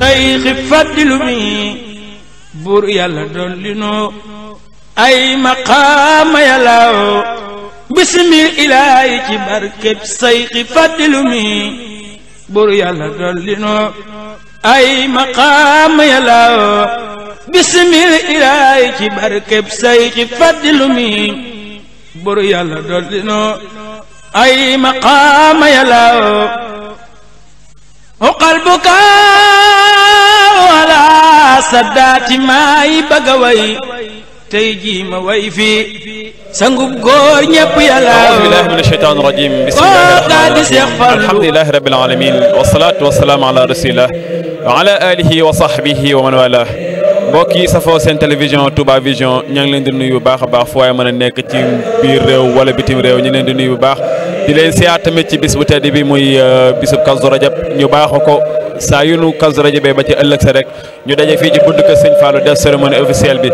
tey xi fàddilu mi buur yàlla doon li noo ay maqaama yàllaaw bismil ilaahi ci barkeb sayxi fàddilu mi bur yàlla dolli noo ay maqaam yàlla bismil ilaahi ci barkeb sayxi fàddilu mi bur yàlla dolli noo ay maqaam yàlla u qalbuka wala saddaati maay bëgg a way tey jii ma way fii sangub góor ñëpp yàlla aoudu billahi min asheytan irajim bismillahi rahmani rahim alhamdulilahi rabbil alamin wasalaatu wasalaamu ala rasulillah wa ala alihi wa sahbihi wa man wala mbokk yi safoo seen télévision Touba Vision ña ngi leen di nuyu bu baax a baax fu waaye mën a nekk ci biir réew wala bitim réew ñu leen di nuyu bu baax di leen siyaat tamit ci bis bu tedd bi muy euh, bisub Kazu Rajab ñu baax ko saa yu nu Kazu Rajab ba ci ëllëg sa rek ñu daje fii ci bunt kër Sëñ Fallou def cérémonie officielle bi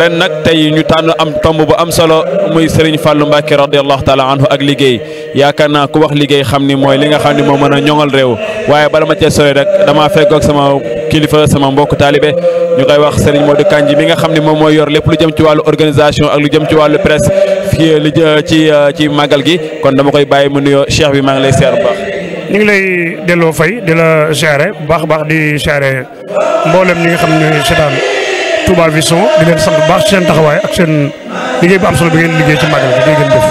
ren nag tey ñu tànn am tomb bu am solo muy Serigne fàllu Mbacké radiallahu taala anhu ak liggéey yaakaar naa ku wax liggéey xam ni mooy li nga xam ni moo mën a ñoŋal réew waaye bala ma cee rek damaa fekkoog sama kilifa sama mbokk taalibe ñu koy wax Serigne Modou Kandji mi nga xam ne moom mooy yor lépp lu jëm ci wàllu organisation ak lu jëm ci wàllu presse fii eh, li eh, ci eh, ci màggal gi kon dama koy bàyyi mu nuyoo cheikh bi maa ngi lay seer bu baax. ñu ngi lay delloo fay di la seere baax baax di seere mboolem ñi nga xam ne seetaan Touba Vision di leen sant baax seen taxawaay ak seen liggéey bu am solo bi ngeen liggéey ci màggal bi di ngeen def.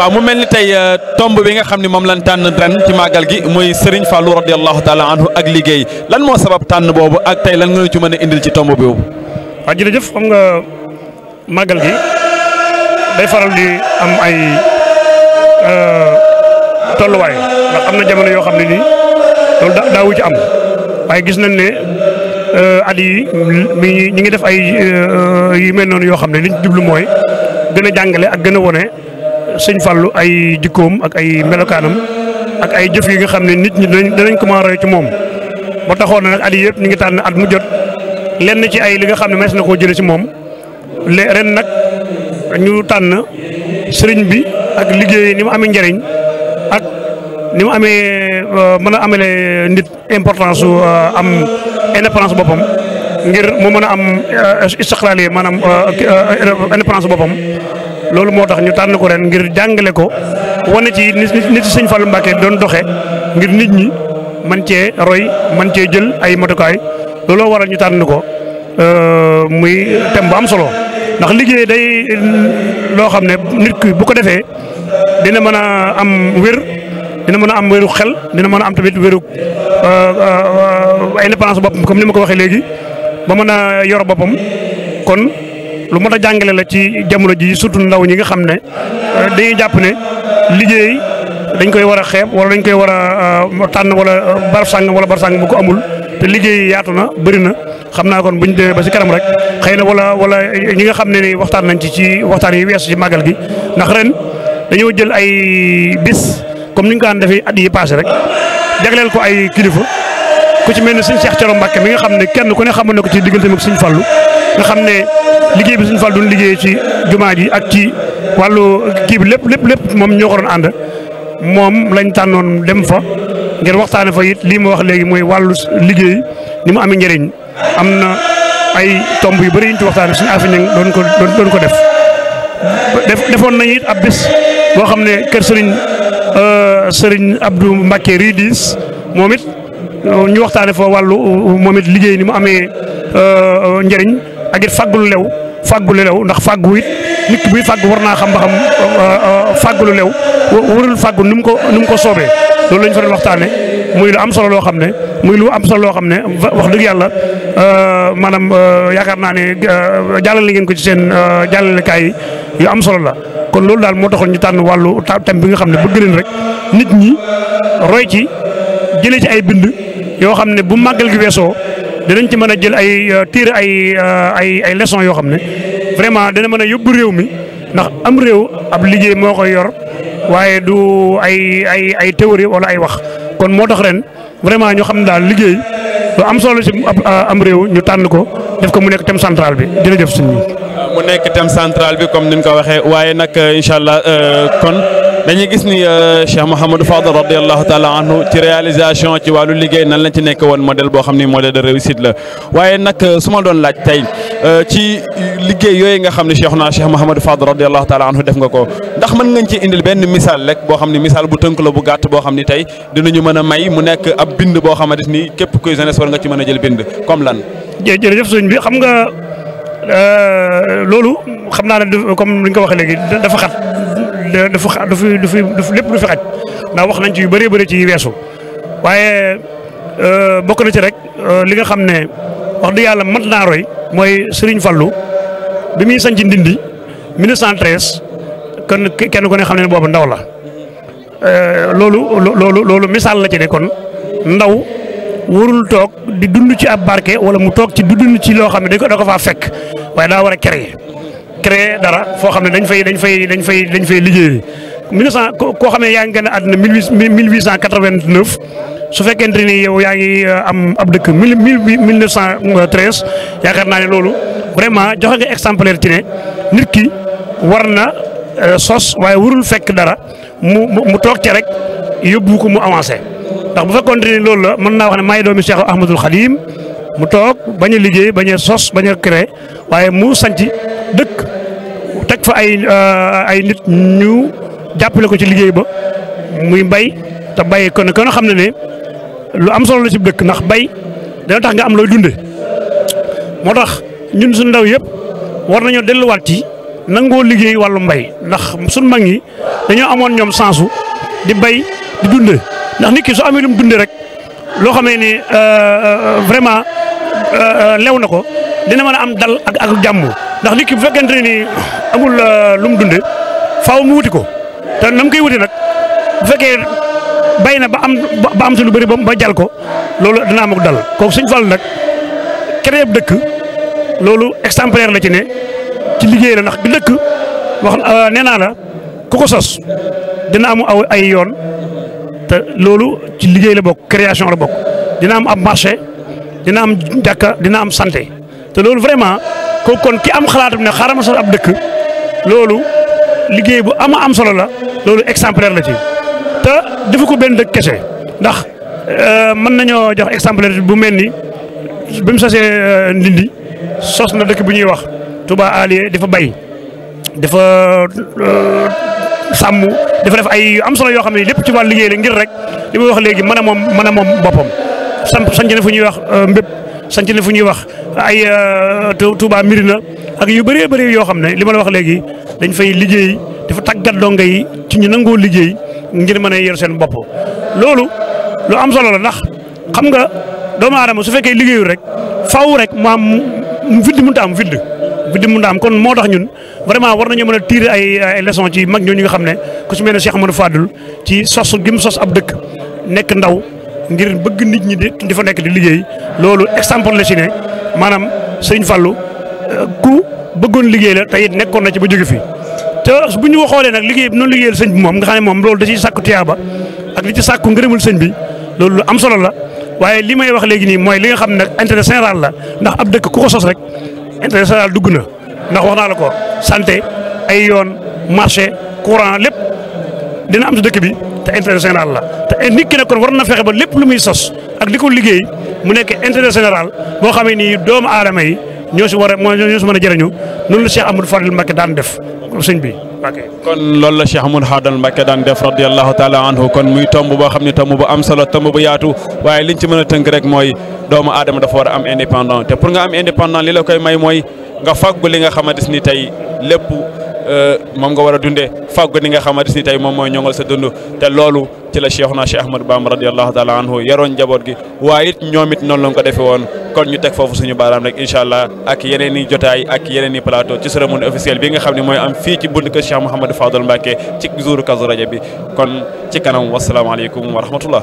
waaw mu mel ni tey euh, tomb bi nga xam ne moom lañ tànn ren ci màggal gi muy Serigne Fallou radiyallahu taala anhu ak liggéey lan moo sabab tànn boobu ak tey lan nga ci mën a indil ci tomb boobu. waaw jërëjëf xam nga màggal gi day faral di am ay euh, tolluwaay ndax am na jamono yoo xam ne nii loolu daawu ci am waaye gis nañ ne. Euh, at yi mi ñu ngi def ay euh, euh, yu mel noonu yoo xam ne liñ jublu mooy gën a jàngale ak gën a wone sëñ fallu ay jikkoom ak ay melokaanam ak ay jëf yi nga xam ne nit ñi danañ ko mën ci moom ba taxoon na nag at yëpp ñu ngi tànn at mu jot lenn ci ay li nga xam ne mees na koo jële ci moom le ren nag ñu tànn sëriñ bi ak liggéey ni mu amee njariñ ni amee euh, mën a amele nit importance su euh, am indépendance boppam ngir moo mën a am euh, istiqlaal yi maanaam indépendance boppam loolu moo tax ñu tànn ko ren ngir jàngale ko wane ci nit ci sëñ Fallou Mbacké doon doxe ngir nit ñi man cee roy man cee jël ay matukaay looloo waral ñu tànn ko muy thème bu am solo ndax liggéey day loo xam ne nit ki bu ko defee dina mën a am wér dina mën a am wéru xel dina mën a am tamit wéru indépendance euh, euh, boppam comme ni ma ko waxee léegi ba mën a yor boppam kon lu mën a jàngale la ci jamono ji surtout ndaw ñi nga xam ne euh, dañuy jàpp ne liggéey dañ koy war a xeeb wala dañ koy war a tànn wala barab sàng wala barab sàng bu ko amul te liggéey yaatu na bëri na xam naa kon buñ demee ba si kanam rek xëy na wala wala ñi nga xam ne ni waxtaan nañ ci ci waxtaan yi wees ci màggal gi ndax ren dañoo jël ay bis comme ni ñu ko daan defee at yi rek jagleel ko ay kilifa ku ci mel ne sëñ Cheikh Thioro Mbacke mi nga xam ne kenn ku ne xamoon ne ko ci diggante ak sëñ Fallu nga xam ne liggéey bi sëñ Fallu doon liggéey ci jumaa ji ak ci wàllu kii bi lépp lépp lépp moom ñoo ko doon ànd moom lañ tànnoon dem fa ngir waxtaane fa it lii ma wax léegi mooy wàllu liggéey ni mu amee njëriñ am na ay tomb yu bari yuñ ci waxtaane suñu affaire yi doon ko doon ko def defoon nañ it ab bés boo xam ne kër sëriñ sëriñ Abdou Mbacke Ridis moom it euh, ñu waxtaane fa wàllu euh, moom it liggéey ni mu amee euh, njëriñ ak it lew fàggulu lew ndax fàggu it nit ki buy fàggu war naa xam ba xam fàggulu lew warul fàggu ni mu ko ni ko soobee loolu lañ fa doon waxtaane muy lu am solo loo xam ne muy lu am solo loo xam ne wax dëgg yàlla maanaam yaakaar naa ne jàllale ngeen ko ci seen jàllalekaay yu am solo kon loolu daal moo taxoon ñu tànn wàllu tam bi nga xam ne bëgg leen rek nit ñi roy ci jëlee ci ay bind yoo xam ne bu màggal gi weesoo dinañ ci mën a jël ay euh, tiir ay euh, ay ay leçons yoo xam ne vraiment dana mën a yóbbu réew mi ndax am réew ab liggéey moo koy yor waaye du ay ay ay théorie wala ay wax kon moo tax ren vraiment ñu xam daal liggéey lu am solo ci euh, am réew ñu tànn ko def ko mu nekk thème central bi jërëjëf suñu mu nekk thème central bi comme ni ñu ko waxee waaye nag euh, incha allah euh, kon dañuy gis ni euh, Cheikh Mouhamadou Fadal radiallahu taala anhu ci réalisation ci wàllu liggéey nan lañ ci nekk woon modèle boo xam ni modèle de réussite la waaye nag su ma doon laaj tey ci liggéey yooyu nga xam ne Cheikh naa Cheikh Mouhamadou Fadal radiallahu taala anhu def nga ko ndax mën ngañ ci indil benn misaal lekk boo xam ni misaal bu tënk la bu gàtt boo xam ni tey dinañu mën a may mu nekk ab bind boo xamante ni képp kuy jeunesse war nga ci mën a jël bind comme lan. Euh, loolu xam naa ne comme li nga ko waxee léegi dafa xat dafa xa dafa lépp du fi xaj ndax wax nañ ci yu bëree bëri ci weesu waaye euh, bokk na ci rek euh, li nga xam ne wax dëgg yàlla mat naa roy mooy sëriñ fallu bi muy sanc Ndindi 1913 kon kenn ku ne xam ne boobu ndaw la loolu loolu loolu misaal la ci ne kon ndaw warul toog di dund ci ab barke wala mu toog ci du dund ci loo xam ne dañ ko da ko faa fekk waaye daa war a créer créer dara foo xam ne dañ fay dañ fay dañ fay dañ fay liggéey mille cent koo xam ne yaa ngi gën a àdduna mille huit cent quatre-vingt-neuf su fekkente ni yow yaa ngi euh, am ab dëkk mille mille neuf cent euh, treize yaakaar naa ne loolu vraiment joxe nga exemplaire ci ne nit ki war na euh, sos waaye warul fekk dara mu mu toog ci rek yóbbu ko mu avancé ndax bu fekkoon ne loolu la mën naa wax ne maay doomi Cheikh Ahmadul Xadim mu toog bañ a liggéey bañ a sos bañ a créer waaye mu sanc dëkk teg fa ay euh, ay nit ñu jàppale ko ci liggéey ba muy bay te bay kon kon xam na ne lu am solo la ci dëkk ndax bay dana tax nga am looy dunde moo tax ñun suñu ndaw yëpp war nañoo delluwaat ci nangoo liggéey wàllu mbay ndax suñu mag ñi dañoo amoon ñoom sansu di bay di dunde ndax nit ki su amee dunde rek. loo xamee ni euh, euh, vraiment euh, lew na ko dina mën a am dal ak ak jàmm ndax nit ki bu fekkente ne ni amul lu mu dunde faaw mu wuti ko te na mu koy wuti nag bu fekkee bay na ba am am si lu bëri ba jal ko loolu dina am ak dal kooku Sëñ Fallu nag créé dëkk loolu exemplaire la ci ne ci liggéey la ndax dëkk wax nee naa la ku ko sos dina amu aw ay yoon te loolu ci liggéey la bokk création la bokk dina am ab marché dina am jàkka dina am sante te loolu vraiment ko kon ki am xalaat xalaatam ne xaaral ma sos ab dëkk loolu liggéey bu ama am solo la loolu exemplaire la ci te defu ko benn dëkk kese ndax euh, mën nañoo jox exemplaire bu mel ni bi mu sosee euh, Ndindi sos na dëkk bu ñuy wax tubaa Touba Alié dafa bay dafa sàmm dafa def ay yu am solo yoo xam ne lépp ci wàllu liggéey la ngir rek li muy wax léegi mën a moom mën moom boppam samp sanc na fu ñuy wax euh, mbépp sanc na fu ñuy wax ay euh, Touba Mirina ak yu bëree bëri yoo xam ne li ma la wax léegi dañ fay liggéey dafa tàggat donga yi ci ñu nangoo liggéey ngir ma a yor seen bopp loolu lu am solo la ndax xam nga doomu aadama su fekkee liggéeyu rek faaw rek mu am vide mënut a am vide bi dimb ndaam kon moo tax ñun vraiment war nañoo mën a tirer ay ay leçons ci mag ñooñu nga xam ne ku su mel ne Cheikh Amadou Fadul ci sos gi mu sos ab dëkk nekk ndaw ngir bëgg nit ñi di di fa nekk di liggéey loolu exemple la si ne maanaam sëñ Fallou euh, ku bëggoon liggéey la te it nekkoon na ci ba jóge fi te bu ñu xoolee nag liggéey bi noonu liggéeyal sëñ bi moom nga xam ne moom loolu da ciy sàkku tiyaaba ak li ci sàkku ngërëmul sëñ bi loolu lu am solo la waaye li may wax léegi nii mooy li nga xam ne intérêt général la ndax ab dëkk ku ko rek intérêt général dugg na ndax wax naa la ko santé ay yoon marché lépp dina am ci dëkk bi te intérêt général la te nit ki ne kon war na fexe ba lépp lu muy sos ak di ko liggéey mu nekk intérêt général boo xamee ni doomu aadama yi ñoo si war a ñoo si mën a jëriñu noonu la Cheikh Amadou Fadil Mbacké daan def. sëñ bi ok kon loolu la Cheikh Amadou Khadal Mbacke daan def radiyallahu taala anhu kon muy tomb boo xam ne tomb bu am solo tomb bu yaatu waaye liñ ci mën a tënk rek mooy doomu aadama dafa war a am indépendant te pour nga am indépendant li la koy may mooy nga fàggu li nga xamante ni tey lépp Euh, moom nga war a dundee fàggu ni nga xamante ni tey moom mooy ñongal sa dund te loolu ci la Cheikhuna Cheikh Ahmadou Bamba radiyallahu taala anhu yaroon jaboot gi waaye it ñoom it noonu la ko defee woon kon ñu teg foofu suñu baaraam rek incha allah ak yeneen i jotaay ak yeneen i plateau ci cérémonie officielle bi nga xam ne mooy am fii ci bunt kër Cheikh Mouhamadou Fadal Mbacké ci jouru Kazu Rajab bi kon ci kanam wasalaamaaleykum wa rahmatullah